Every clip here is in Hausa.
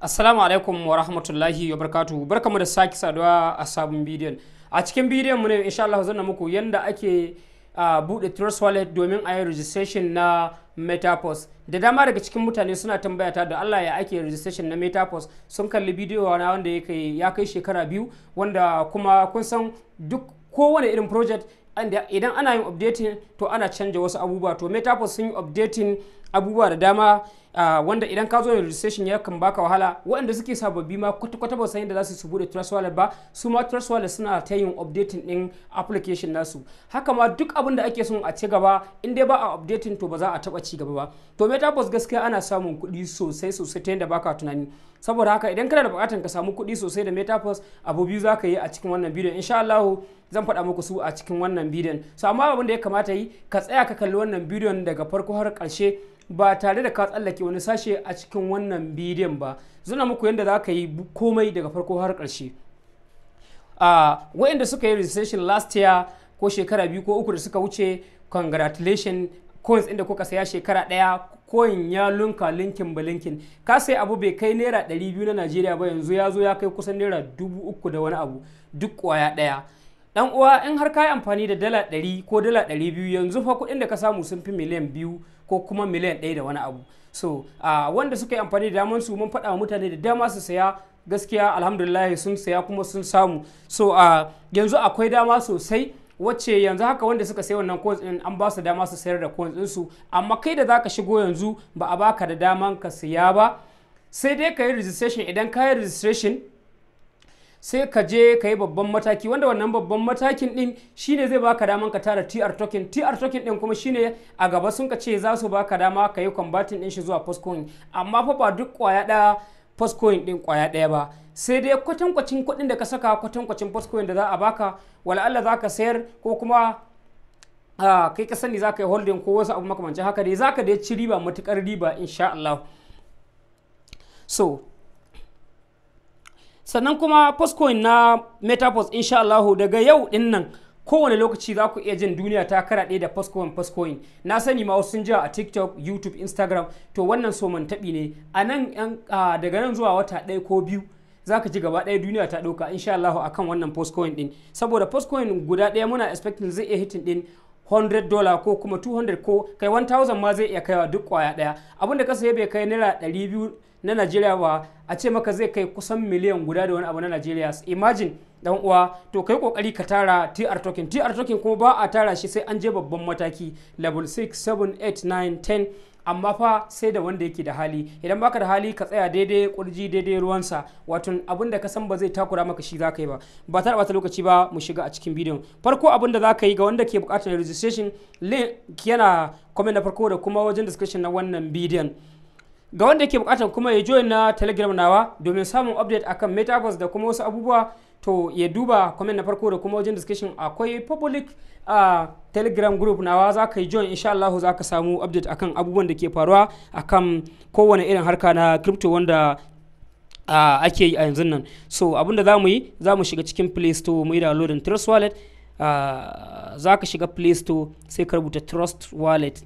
Assalamu alaikum wa rahmatullahi wa barkatu barkamu da saki saduwa a sabon bidiyon. A cikin bidiyon mu ne insha Allah zan muku yanda ake uh, bude Trust Wallet domin a yi registration na Metapos. Da dama daga cikin mutane suna tambaya ta da Allah ya ake registration na Metapos sun kalli bidiyo na wanda ya kai shekara biyu wanda kuma kun san duk kowane irin project idan ana yin updating to ana canja wasu abubuwa to Metapos sun yi updating abubuwa da dama Ah, wanda idan ka zo da registration ya kan baka wahala waɗanda suke sababbi ma kwata-kwata ba san yadda za su su bude trust wallet ba su ma trust wallet suna ta yin updating din application nasu haka ma duk abin da ake son a ci gaba in dai ba a updating to ba za a taba ci gaba ba to metaverse gaskiya ana samun kuɗi sosai sosai ta yadda baka tunani saboda haka idan kana da buƙatar ka samu kuɗi sosai da metaverse abu biyu za ka yi a cikin wannan bidiyon insha Allah zan faɗa muku su a cikin wannan bidiyon so amma abin da ya kamata yi ka tsaya ka kalli wannan bidiyon daga farko har karshe. ba tare da ka tsallake wani sashe a cikin wannan bidiyon ba zuna muku yadda za ka yi komai daga farko har ƙarshe a wayanda suka yi registration last year ko shekara biyu ko uku da suka wuce congratulation coins inda kuka saya shekara ɗaya coin ya lunka linkin ba linkin ka sai abu bai kai naira 200 na najeriya ba yanzu ya zo ya kai kusan naira dubu uku da wani abu duk kwaya ɗaya dan uwa in har ka yi amfani da dala 100 ko dala 200 yanzu fa kuɗin da ka samu sun fi miliyan biyu ko kuma miliyan ɗaya da wani abu so wanda suka yi amfani da daman su mun faɗa mutane da dama su saya gaskiya alhamdulillah sun saya kuma sun samu so yanzu akwai dama sosai wacce yanzu haka wanda suka sayi wannan coins din an ba su dama su sayar da coins din su amma kai da zaka shigo yanzu ba a baka da daman ka siya ba sai dai ka yi registration idan ka yi registration sai ka je ka yi babban mataki wanda wannan babban matakin din shine zai baka daman ka tara TR token TR token din kuma shine a gaba sun ka ce za su baka dama ka yi combating din shi zuwa postcoin amma fa ba duk kwaya daya postcoin din kwaya daya ba sai dai kwatankwacin kuɗin da ka saka kwatankwacin postcoin da za a baka wala Allah za ka sayar ko kuma kai ka sani za ka yi holding ko wasu abu makamancin haka dai za ka dai ci riba matukar riba insha Allah so sannan kuma postcoin na metapos insha Allahu daga yau din nan kowane lokaci za ku iya jin duniya ta karaɗe da postcoin postcoin na sani ma wasu sun ji a tiktok youtube instagram to wannan soman taɓi ne a nan daga nan zuwa wata ɗaya ko biyu za ka ji gaba ɗaya duniya ta ɗauka insha Allahu akan wannan postcoin din saboda postcoin guda ɗaya muna expecting zai iya hitin din. 100 dola ko kuma 200 ko kai 1000 ma zai iya kaiwa duk kwaya daya abinda ka saye bai kai naira 200 na Najeriya ba a ce maka zai kai kusan miliyan guda da wani abu na Najeriya imagine dan uwa to kai kokari ka tara TR token TR token kuma ba a tara shi sai an je babban mataki level 6 7 8 9 10 amma fa sai da wanda yake da hali idan baka da hali ka tsaya daidai kurji daidai ruwansa wato abin da ka san ba zai takura maka shi zaka yi ba ba ta bata lokaci ba mu shiga a cikin bidiyon farko abin da za ka yi ga wanda ke bukatar registration link yana comment na farko da kuma wajen description na wannan bidiyon ga wanda ke bukatar kuma ya join na telegram nawa domin samun update akan metaverse da kuma wasu abubuwa to ya duba comment na farko da kuma wajen discussion akwai public uh, telegram group nawa za ka yi join insha Allah za ka samu update akan abubuwan da ke faruwa akan kowane irin harka na crypto wanda uh, ake yi a yanzu nan so abinda za mu yi za mu shiga cikin play store mu yi downloading trust wallet uh, za ka shiga play store sai ka rubuta trust wallet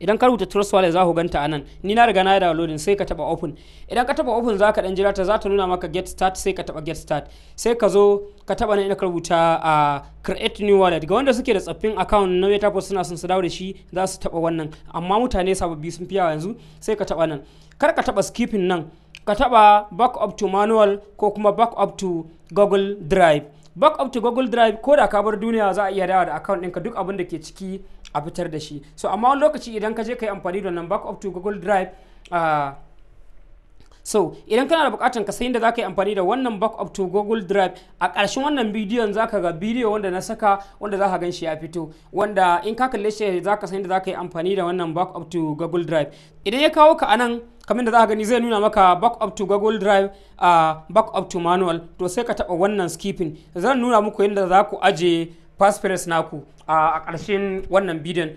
idan ka rubuta trust wallet za ku ganta a nan ni na riga na yi downloading sai ka taba open idan ka taba open za ka dan jira ta za ta nuna maka get start sai ka taba get start sai ka zo ka taba nan ka rubuta a create new wallet ga wanda suke da tsaffin account na post suna son su dawo da shi za su taba wannan amma mutane sababbi sun fiya yanzu sai ka taba nan kar ka taba skipping nan ka taba back up to manual ko kuma back up to google drive back up to google drive ko da ka bar duniya za a iya dawo da account ɗinka duk abin da ke ciki a fitar da shi so amma wani lokaci idan ka je ka yi amfani da wannan up to google drive uh, so idan kana da bukatan ka sayin da zaka yi amfani da wannan up to google drive a ƙarshen wannan bidiyon zaka ga bidiyo wanda na saka wanda zaka gan shi ya fito wanda in ka kalle shi zaka sayin da zaka yi amfani da wannan up to google drive idan ya kawo ka anan kamar da zaka gani zai nuna maka up to google drive a uh, back up to manual to sai ka taba wannan skipping zan nuna muku yadda za ku aje passphrase naku a ƙarshen wannan bidiyon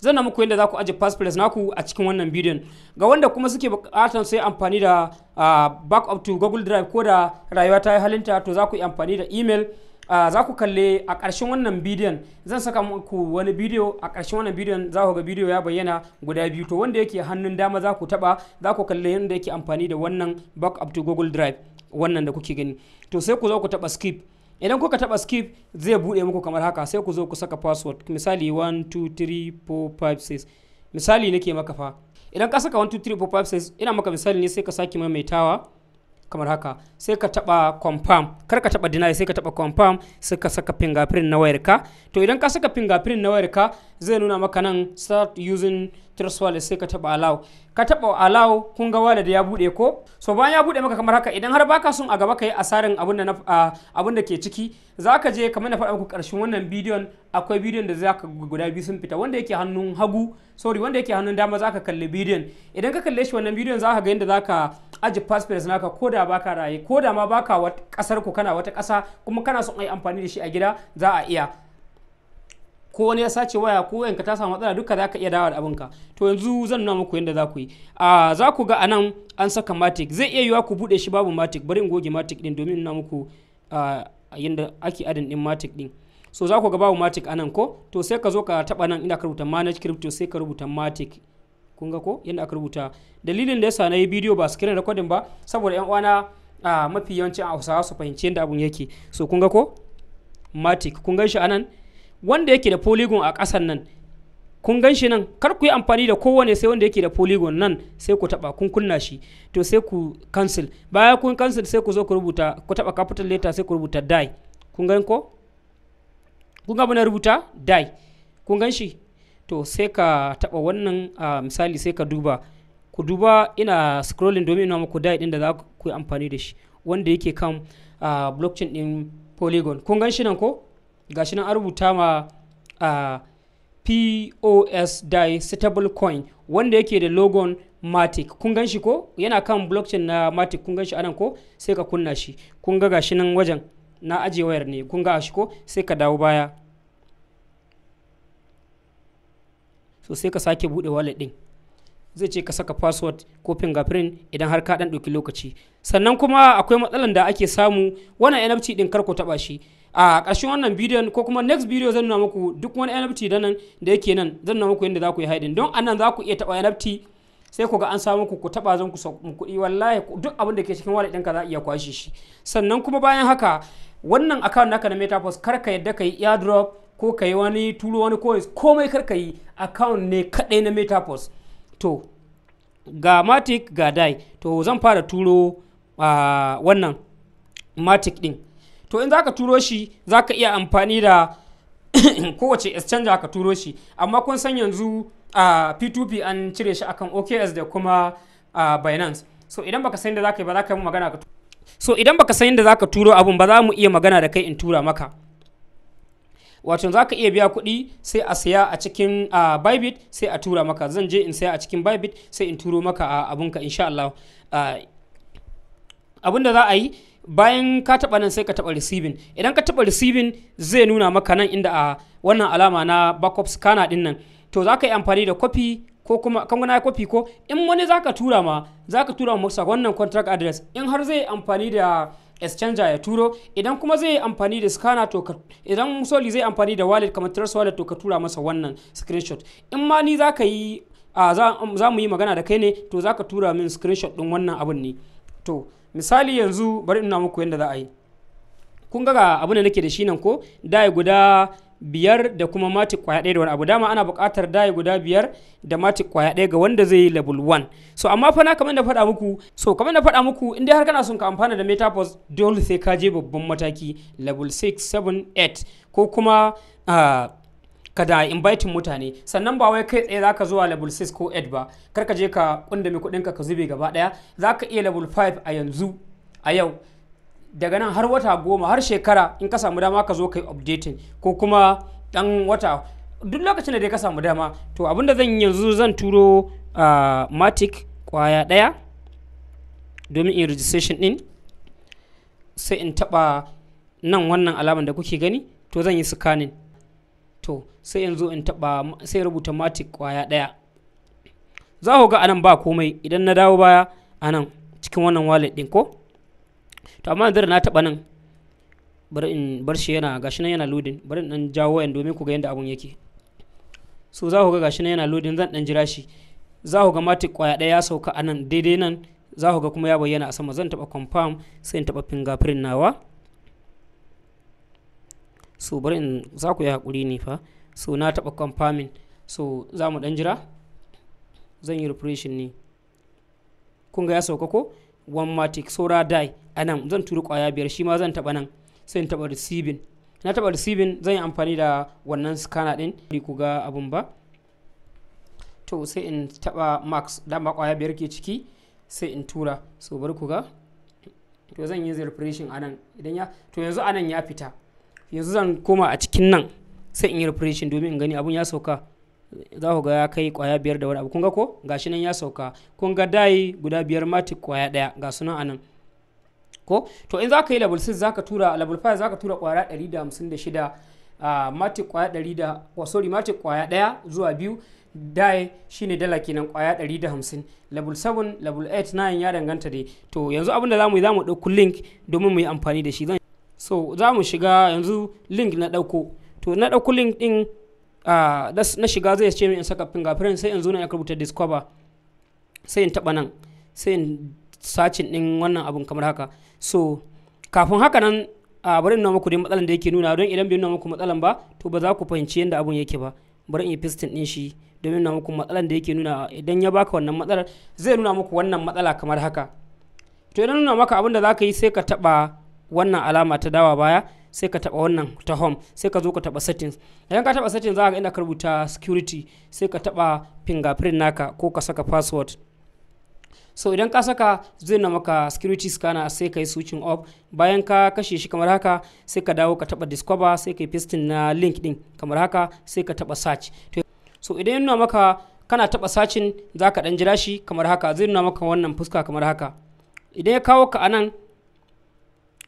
zan na muku yadda za ku aje passphrase naku a cikin wannan bidiyon ga wanda kuma suke buƙatar sai amfani da back up to google drive ko da rayuwa ta yi halinta to za ku yi amfani da email za ku kalle a ƙarshen wannan bidiyon zan saka muku wani bidiyo a ƙarshen wannan bidiyon za ku ga bidiyo ya bayyana guda biyu to wanda yake hannun dama za ku taɓa za ku kalle yadda yake amfani da wannan back up to google drive wannan da kuke gani to sai ku zo ku taɓa skip idan kuka taba skip zai bude muku kamar haka sai ku zo ku saka password misali 123456 misali nake maka fa idan ka saka 123456 ina maka misali ne sai ka saki maimaitawa kamar haka sai ka taba confirm kar ka taba deny sai ka taba confirm sai ka saka fingerprint na wayar to idan ka saka fingerprint na wayar ka zai nuna maka nan start using trust wallet sai ka taba allow ka taba allow kun ga wallet ya bude ko so bayan ya bude maka kamar haka idan har baka son a gaba kai asarin abin da ah, abin da ke ciki zaka je kamar na faɗa muku karshen wannan bidiyon akwai bidiyon da zaka guda biyu sun fita wanda yake hannun hagu sorry wanda yake hannun dama zaka kalli bidiyon idan ka kalle shi wannan bidiyon za ka ga yadda za ka aji passport naka ko da baka raye ko da ma baka wata kasar ku kana wata kasa kuma kana son a amfani da shi a gida za a iya ko wani ya sace waya ko yanka ta samu matsala duka za ka iya dawo da abinka to yanzu zan nuna muku yadda za ku yi a za ku ga anan an saka matic zai iya yiwa ku bude shi babu matic bari in goge matic din domin nuna muku yadda ake adin din matic din so za ku ga babu matic anan ko to sai ka zo ka taba nan inda aka rubuta manage crypto sai ka rubuta matic kun ga ko yanda aka rubuta dalilin da yasa na yi bidiyo ba screen recording ba saboda yan uwana a mafi yawancin hausawa su fahimci yanda abun yake so kun ga ko matic kun gan shi anan wanda yake da polygon a kasan nan kun gan shi nan kar ku yi amfani da kowane sai wanda yake da polygon nan sai ku taba kun kunna shi to sai ku cancel baya kun cancel sai ku zo ku rubuta ku taba capital letter sai ku rubuta die kun gan ko kun ga na rubuta die kun gan shi to sai ka taba wannan misali sai ka duba ku duba ina scrolling domin ina muku die din da za ku yi amfani da shi wanda yake kan blockchain din polygon kun gan shi nan ko gashi nan an rubuta ma POS DAI stable coin wanda yake da logon Matic kun gan shi ko yana kan blockchain na Matic kun gan shi anan ko sai ka kunna shi kun ga gashi nan wajen na aje wayar ne kun ga shi ko sai ka dawo baya so sai ka sake bude wallet din zai ce ka saka password ko fingerprint idan har ka dan ɗauki lokaci sannan kuma akwai matsalan da ake samu wannan nft ɗin kar ku taɓa shi a ƙarshen wannan bidiyon ko kuma next video zan nuna muku duk wani nft da nan da yake nan zan nuna muku yadda za ku yi haidin don anan za ku iya taɓa nft sai ku ga an samu ku ku taba zan ku kuɗi wallahi duk abin da ke cikin wallet ɗinka za a iya kwashe shi sannan kuma bayan haka wannan account naka na metaverse kar ka yadda ka yi airdrop ko ka yi wani turo wani coins komai kar ka yi account ne kaɗai na metaverse to ga matic ga dai to zan fara turo uh, wannan matic ɗin to in zaka turo shi zaka iya amfani da kowace exchange ka turo shi amma kun san yanzu a p2p an cire shi akan oks da kuma binance so idan baka san da zaka yi ba zaka yi magana ka so idan baka san da zaka turo abun ba za mu iya magana da kai in tura maka wato zaka iya biya kuɗi sai a siya a cikin uh, bybit sai a tura maka zan je in siya a cikin bybit sai in turo maka a abunka insha Allah abun da za a yi bayan ka taɓa nan sai ka taɓa receiving idan ka taɓa receiving zai nuna maka nan inda a wannan alama na backup scanner ɗin nan to za ka yi amfani da kwafi ko kuma kan ya kwafi ko in wani za ka tura ma za ka tura masa wannan contract address in har zai amfani da exchanger ya turo idan kuma zai amfani da scanner to ka idan musoli zai amfani da wallet kamar trust wallet to ka tura masa wannan screenshot in ma ni za ka yi a za mu yi magana da kai ne to za ka tura min screenshot din wannan abun ne to misali yanzu bari in ina muku yadda za a yi kun ga abin da nake da shi nan ko dai guda biyar da kuma mati kwaya ɗaya da wani abu dama ana buƙatar dai guda biyar da mati kwaya ɗaya ga wanda zai yi level 1 so amma fa na kamar da faɗa muku so kamar da faɗa muku in dai har kana son ka amfana da metapos dole sai ka je babban mataki level 6 7 8 ko kuma ah, ka da inviting mutane sannan ba wai kai tsaye zaka zuwa level 6 ko 8 ba kar ka je ka kundame kuɗinka ka zube gaba ɗaya zaka iya level 5 a yanzu a yau daga nan har wata goma har shekara in ka samu dama ka zo ka yi updating ko kuma dan wata duk lokacin da dai ka samu dama to abinda zan yanzu zan turo ah, matic kwaya daya domin in registration din sai in taba nan wannan alaman da kuke gani to zan yi scanning to sai yanzu in taba sai rubuta matic kwaya daya za ku ga anan ba komai idan na dawo baya anan cikin wannan wallet din ko to amma yanzu na taɓa nan bar in bar shi yana gashi nan yana lodin bar in dan jawo 'yan domin ku ga yanda abun yake so za ku ga gashi nan yana lodin zan dan jira shi za ku ga matic kwaya ɗaya ya sauka a nan daidai nan za ku ga kuma ya bayyana a sama zan taɓa confirm sai in taɓa fingerprint nawa so bar in za ku yi haƙuri ne fa so na taɓa confirming so za mu ɗan jira zan yi refreshing ne kun ga ya sauka ko one matic saura die a nan zan turi kwaya biyar shi ma zan taba nan sai in taba receiving na taba receiving zan yi amfani da wannan scanner din ku ga abun ba to sai in taba max dama kwaya biyar ke ciki sai in tura so bari ku ga to zan yi refreshing a nan idan ya to yanzu a nan ya fita yanzu zan koma a cikin nan sai in yi refreshing domin in gani abun ya sauka za ku ga ya kai kwaya biyar da wani abu kun ga ko gashi nan ya sauka kun ga dai guda biyar matic kwaya daya ga sunan anan ko to in zaka yi level 6 zaka tura level 5 zaka tura kwaya 156 uh, matic kwaya 100 oh, sorry matic kwaya daya zuwa biyu dai shine dala kenan kwaya 150 level 7 level 8 9 ya danganta dai to yanzu abinda zamu yi zamu dauko link domin mu yi amfani da shi so zamu shiga yanzu link na dauko to na dauko link din Ah, na shiga zai ce min in saka fingerprint sai in zo nan ya rubuta discover sai in taba nan sai in sacin din wannan abun kamar haka so kafin haka nan a ah, bari in nuna muku dai matsalan da yake nuna don idan bai nuna muku matsalan ba to ba za ku fahimci yadda abun yake ba bari in yi piston din shi in nuna muku matsalan da yake nuna idan ya baka wannan matsalar zai nuna muku wannan matsala kamar haka to idan nuna maka abin da za ka yi sai ka taba wannan alama ta dawa baya sai ka taba wannan ta home sai ka zo ka taba settings idan ka taba settings za ka ina ka rubuta security sai ka taba fingerprint naka ko ka saka password so idan ka saka zai na maka security scanner sai ka yi switching off bayan ka kashe shi kamar haka sai ka dawo ka taba discover sai ka yi pasting na link din kamar haka sai ka taba search so idan yana maka kana taba sacin za ka dan jira shi kamar haka zai nuna maka wannan fuska kamar haka idan ya kawo ka anan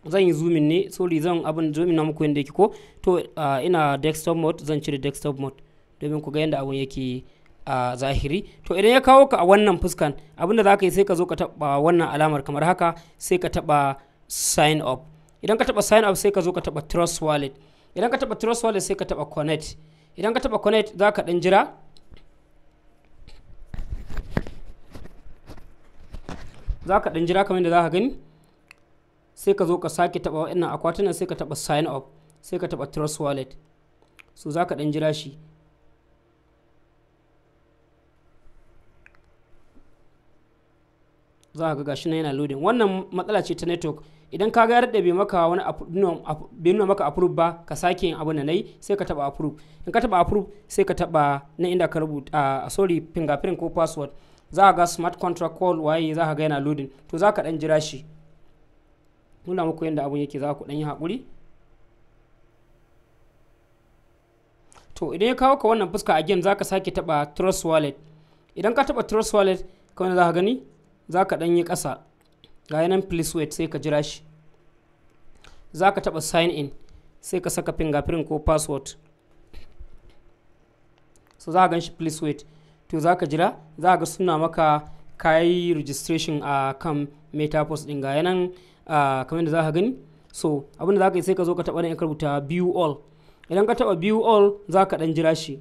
zan yi zoomin ne sorry zan abin zoomin na muku yadda yake ko to ina desktop mode zan cire desktop mode domin ku ga yadda abin yake a zahiri to idan ya kawo ka a wannan fuskan abinda za ka yi sai ka zo ka taba wannan alamar kamar haka sai ka taba sign up idan ka taba sign up sai ka zo ka taba trust wallet idan ka taba trust wallet sai ka taba connect idan ka taba connect za ka dan jira za ka dan jira kamar yadda za ka gani sai ka zo ka sake taba wa'annan akwatunan sai ka taba sign up sai ka taba trust wallet so za ka dan jira shi za ka ga shi na yana loading wannan matsala ce ta network idan ka ga da bai maka wani bai nuna maka approve ba ka sake yin abu da nayi sai ka taba approve in ka taba approve sai ka taba na inda ka rubuta sorry fingerprint ko password za ka ga smart contract call waye za ka ga yana loading to za ka dan jira shi nuna muku yadda abun yake za ku ɗan yi haƙuri to idan ya kawo ka wannan fuska again za ka sake taɓa trust wallet idan ka taɓa trust wallet kawai za ka gani za ka ɗan yi ƙasa ga yanan please wait sai ka jira shi za ka taɓa sign in sai ka saka fingerprint ko password so za ka gan shi please wait to za ka jira za ka ga suna maka kayi registration a kan metapos ɗin ga yanan kamar yadda za ka gani so abin da za ka yi sai ka zo ka taɓa nan ka rubuta view all idan ka taɓa view all za ka ɗan jira shi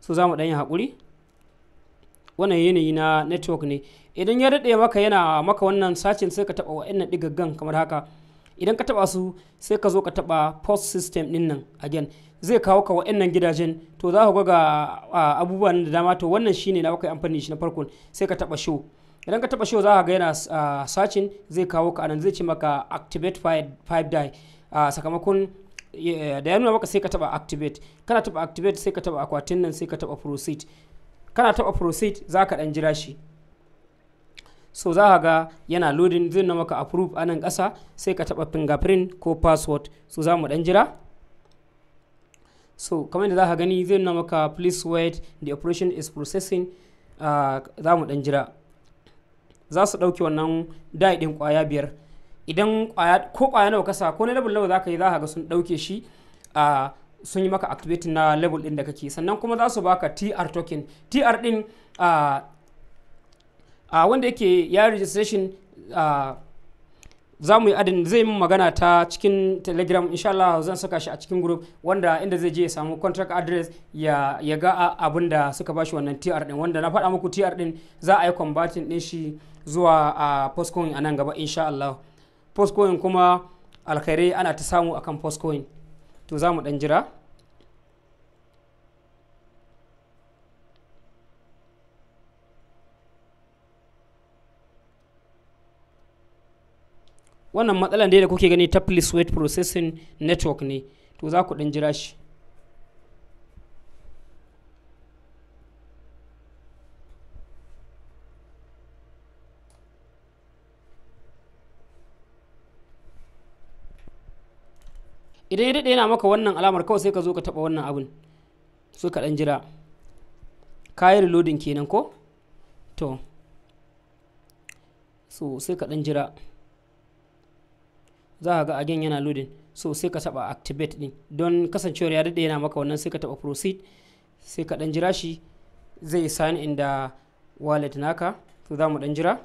so za mu ɗan yi haƙuri wannan yanayi na network ne idan ya daɗe maka yana maka wannan sacin sai ka taɓa wa'annan gan kamar haka idan ka taɓa su sai ka zo ka taɓa post system ɗin nan again zai kawo ka wa'annan gidajen to za ka ga abubuwan da dama to wannan shine na baka amfani shi na farko sai ka taɓa show idan ka taba show za ka ga yana ah, searching zai kawo ka anan zai ce maka activate 5 die ah, sakamakon eh, da ya nuna maka sai ka taba activate kana taba activate sai ka taba akwatin nan sai ka taba proceed kana taba proceed za ka dan jira shi so za ka ga yana loading zai nuna maka approve anan kasa sai ka taba fingerprint ko password so za mu dan jira so kamar da za ka gani zai nuna maka please wait the operation is processing ah, za mu dan jira za su ɗauke wannan dai ɗin ƙwaya biyar idan ko ƙwaya nawa kasa ko na level nawa za ka yi za ka ga sun ɗauke shi a sun yi maka activating na level ɗin da kake sannan kuma za su baka tr token tr ɗin a wanda yake ya registration za mu yi adin zai yi magana ta cikin telegram insha Allah zan saka shi a cikin group wanda inda zai je ya samu contract address ya, ga abin da suka ba shi wannan TR din wanda na faɗa muku TR din za a yi kwambatin din shi zuwa a postcoin a nan gaba insha Allah postcoin kuma alkhairai ana ta samu akan postcoin to za mu dan jira wannan matsalan da kuke gani ta please wait processing network ne to za ku ɗan jira shi idan ya daɗe yana maka wannan alamar kawai sai ka zo ka taɓa wannan abin su ka ɗan jira kayan reloading kenan ko to so sai ka ɗan jira za ka ga again yana loading so sai ka taba activate din don kasancewar ya dade yana maka wannan sai ka taba proceed sai ka dan jira shi zai sign in da wallet naka to za mu dan jira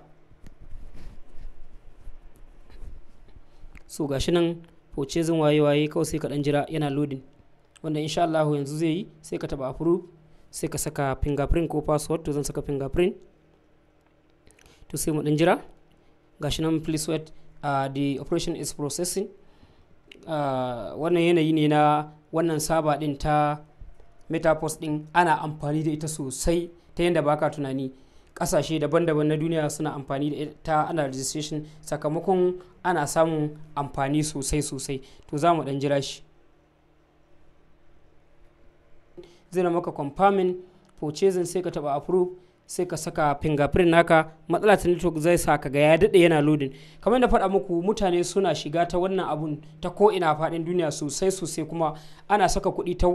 so gashi nan purchasing waye waye kawai sai ka dan jira yana loading wanda insha Allah yanzu zai yi sai ka taba approve sai ka saka fingerprint ko password to zan saka fingerprint to sai mu dan jira gashi nan please wait Ah, the operation is processing ah, wannan yanayi ne na wannan saba din ta metapost din ana amfani da ita sosai ta yadda baka tunani kasashe daban-daban na duniya suna amfani da ita ana registration sakamakon ana samun amfani sosai-sosai to za mu dan jira shi zai maka confirming purchasing sai ka taba approve sai ka saka fingerprint naka matsala ta network zai sa ka ga ya daɗe yana loading kamar da faɗa muku mutane suna shiga ta wannan abun ta ko ina faɗin duniya sosai sosai kuma ana saka kuɗi ta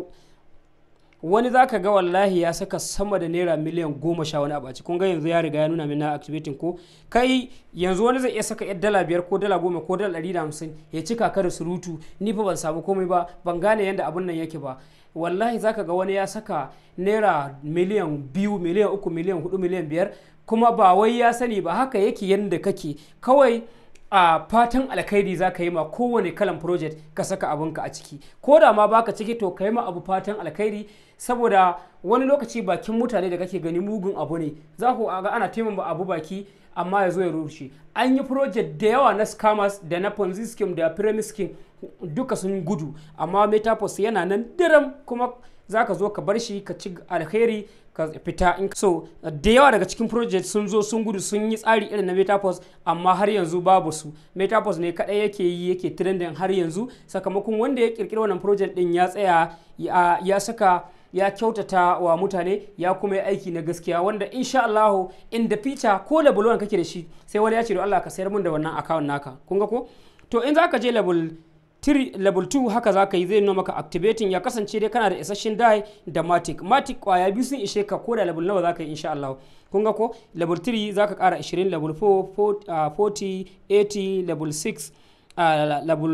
wani za ka ga wallahi ya saka sama da naira miliyan goma sha wani abu a ga yanzu ya riga ya nuna min activating ko kai yanzu wani zai iya saka yar dala biyar ko dala goma ko dala ɗari da hamsin ya cika ka da surutu ni fa ban samu komai ba ban gane yadda abun nan yake ba wallahi zaka ga wani ya saka naira miliyan biyu miliyan uku miliyan hudu miliyan biyar kuma ba wai ya sani ba haka yake yadda kake kawai a fatan alkhairi za ka yi ma kowane kalan project ka saka abinka a ciki ko da ma baka ciki to ka yi ma abu fatan alkhairi saboda wani lokaci bakin mutane da kake gani mugun abu ne za ku ga ana taimaka abu baki amma ya zo ya rushe an yi project da yawa na scammers da na ponzi scheme da pyramid scheme duka sun gudu amma metaphors yana nan diram kuma za ka zo ka bar shi ka ci alheri ka fita in so da yawa daga cikin project sun zo sun gudu sun yi tsari irin na metaphors amma har yanzu babu su metaphors ne kadai yake yi yake trending har yanzu sakamakon wanda ya kirkiri wannan project din ya tsaya ya saka ya kyautata wa mutane ya kuma yi aiki na gaskiya wanda insha Allahu in da fita ko da bulwan kake da shi sai wani ya ce Allah ka sayar mun da wannan account naka kun ga ko to in zaka je level 3 level 2 haka za ka yi zai nuna maka activating ya kasance dai kana da isasshen die da matic matic kwaya biyu sun ishe ka ko da level nawa za ka yi insha Allah kun ga ko level 3 za ka kara 20 level 4 40 80 level 6 uh, level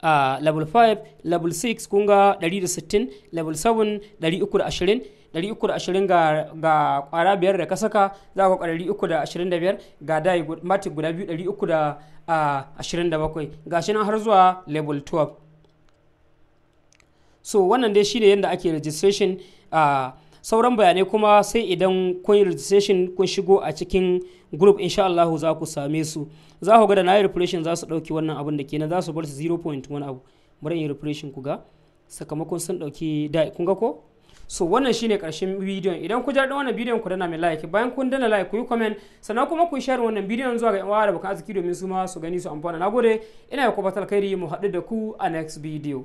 uh, level 5 level 6 kun ga 160 level 7 320 320 ga ga kwara biyar da ka saka za ka kwara 325 ga dai mati guda biyu 327 gashi ah, nan har zuwa level 12 so wannan dai shine yadda ake registration a ah, sauran bayanai kuma sai idan kun yi registration kun shigo a cikin group insha Allah za ku same su za ku ga da na yi refreshin za su dauki wannan abin da kenan za su bar su 0.1 abu bari in yi ku ga sakamakon sun dauki dai kun ga ko so wannan shine karshen bidiyon idan ku jarɗin wannan bidiyon ku dana mai like bayan kun dana like ku yi comment sannan kuma ku share wannan bidiyon zuwa ga yan da bukan arziki domin su ma su gani su amfana nagode ina ku kubatar kairi mu haɗu da ku a next video